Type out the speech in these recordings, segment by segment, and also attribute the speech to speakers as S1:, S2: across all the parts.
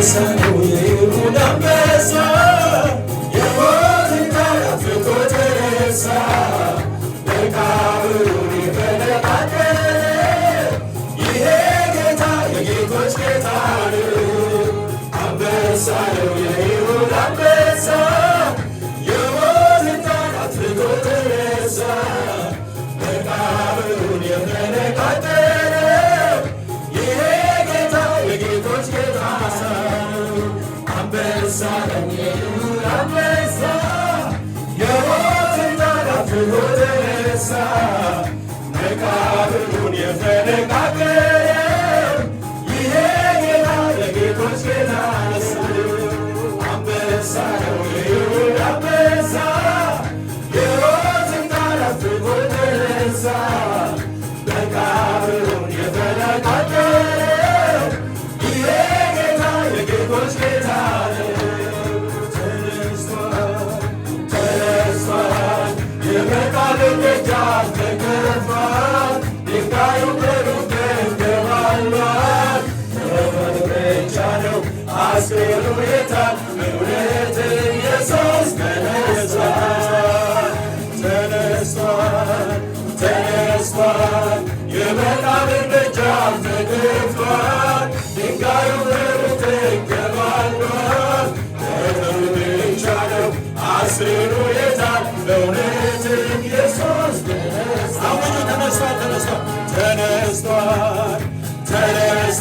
S1: 세상에 ተነሳ መቃብሩን የፈነቃቀለ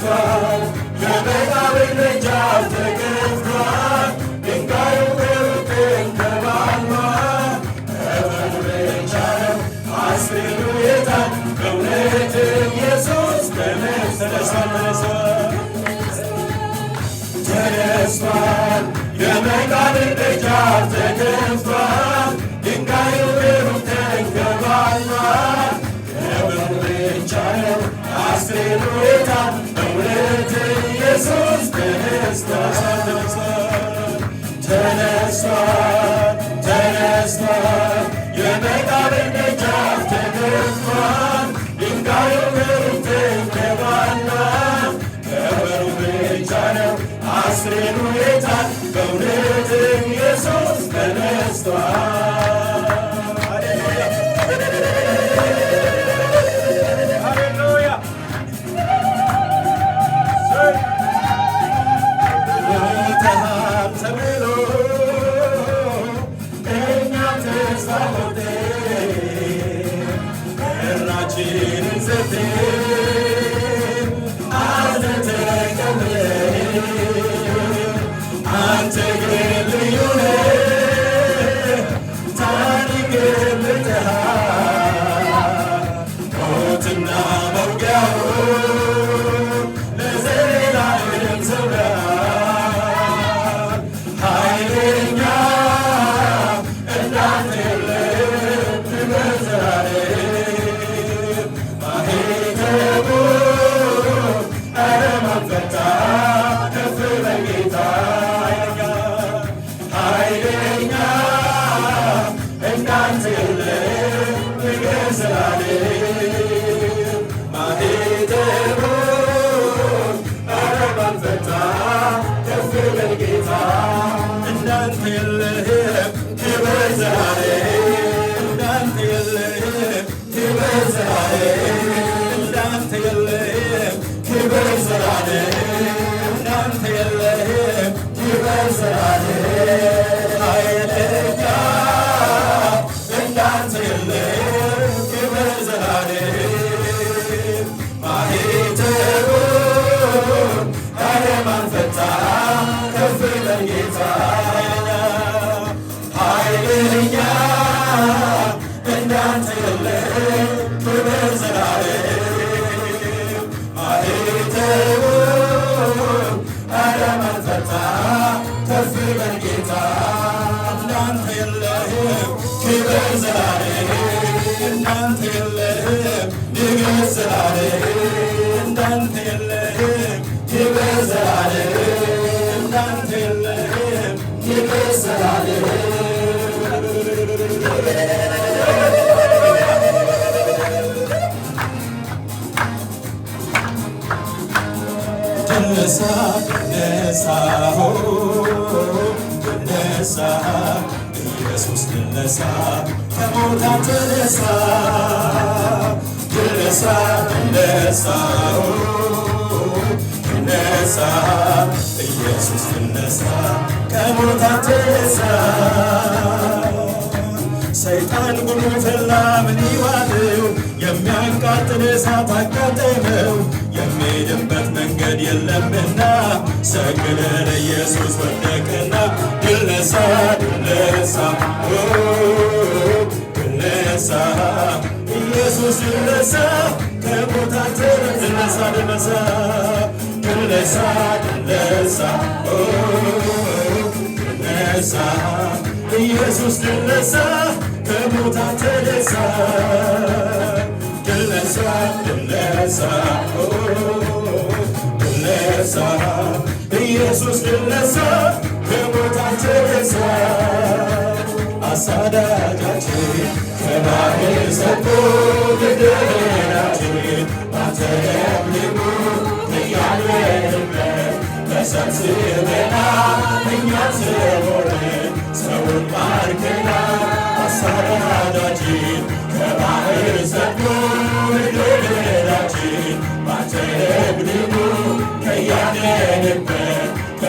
S1: ተነስቷል፣ የመቃብር ደጃፍ ተከፍቷል። ድንጋዩ ከብትን ተባልቷል። Salaam. ክብር ጌታ እንዳንተ የለህም፣ ክብር ዘላለህም እንዳንተ የለህም፣ ድግር ዘላለህም እንዳንተ የለህም፣ ክብር ዘላለህም እንዳንተ የለህም፣ ክብር ዘላለህም ነሳ ነሳሁ ተነሳ፣ ኢየሱስ ድነሳ፣ ከሙታን ተነሳ፣ ድነሳ፣ ድነሳ፣ ድነሳ፣ ኢየሱስ ድነሳ፣ ከሙታን ተነሳ። ሰይጣን ጉሉ ፈላ ምን ይዋለው፣ የሚያቃጥል እሳት አቃጠለው። የምንሄድበት መንገድ የለምና ሰግደን ለኢየሱስ ወደቅና ድል ነሣ ድል ኢየሱስ ኢየሱስ ተነሳ፣ ኢየሱስ ድል ነሣ፣ ከሞት ተነሳ። አሳዳጃችን ሰጥቶ አተለምልሙ እኛ ሰውን አሳዳጃችን ከባህር ሰጥቶ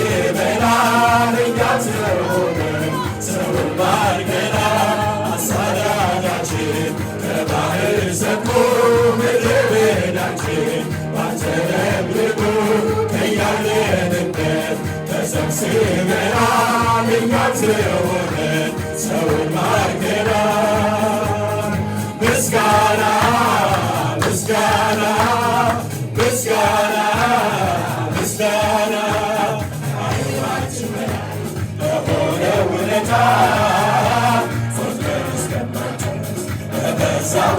S1: ተሰብስበናል እኛ ስለሆነን ሰውን ማርከናል። ምስጋና ምስጋና ምስጋና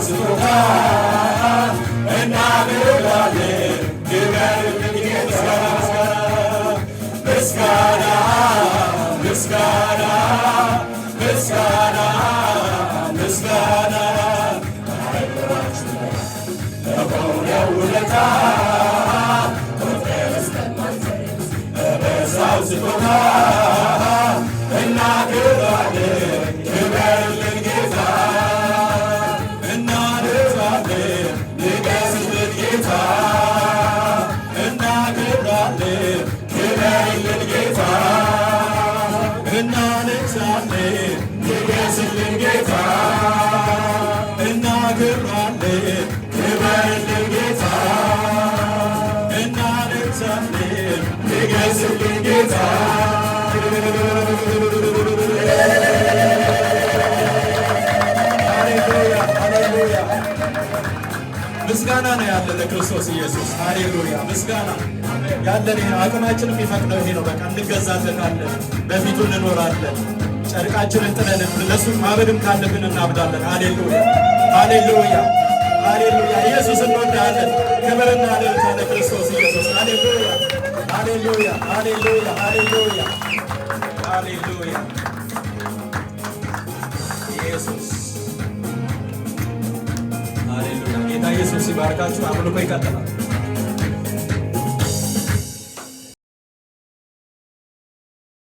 S1: ስጦታ እናቀርባለን። ምስጋና ምስጋና ምስጋና ለሆነ ውለታ ምስጋና ነው ያለ ለክርስቶስ ኢየሱስ። ሃሌሉያ ምስጋና ያለን አቅማችን የሚፈቅደው ይሄ ነው። በቃ እንገዛለታለን፣ በፊቱ እንኖራለን። ጨርቃችንን ጥለን ለሱ ማበድም ካለብን እናብዳለን። ሃሌሉያ ሃሌሉያ ሃሌሉያ። ኢየሱስ እንወዳለን። ክብርና ደርታ ለክርስቶስ ኢየሱስ። ሃሌሉያ ሃሌሉያ ሃሌሉያ ሃሌሉያ ሃሌሉያ ሲባርካችሁ አምልኮ ይቀጥላል።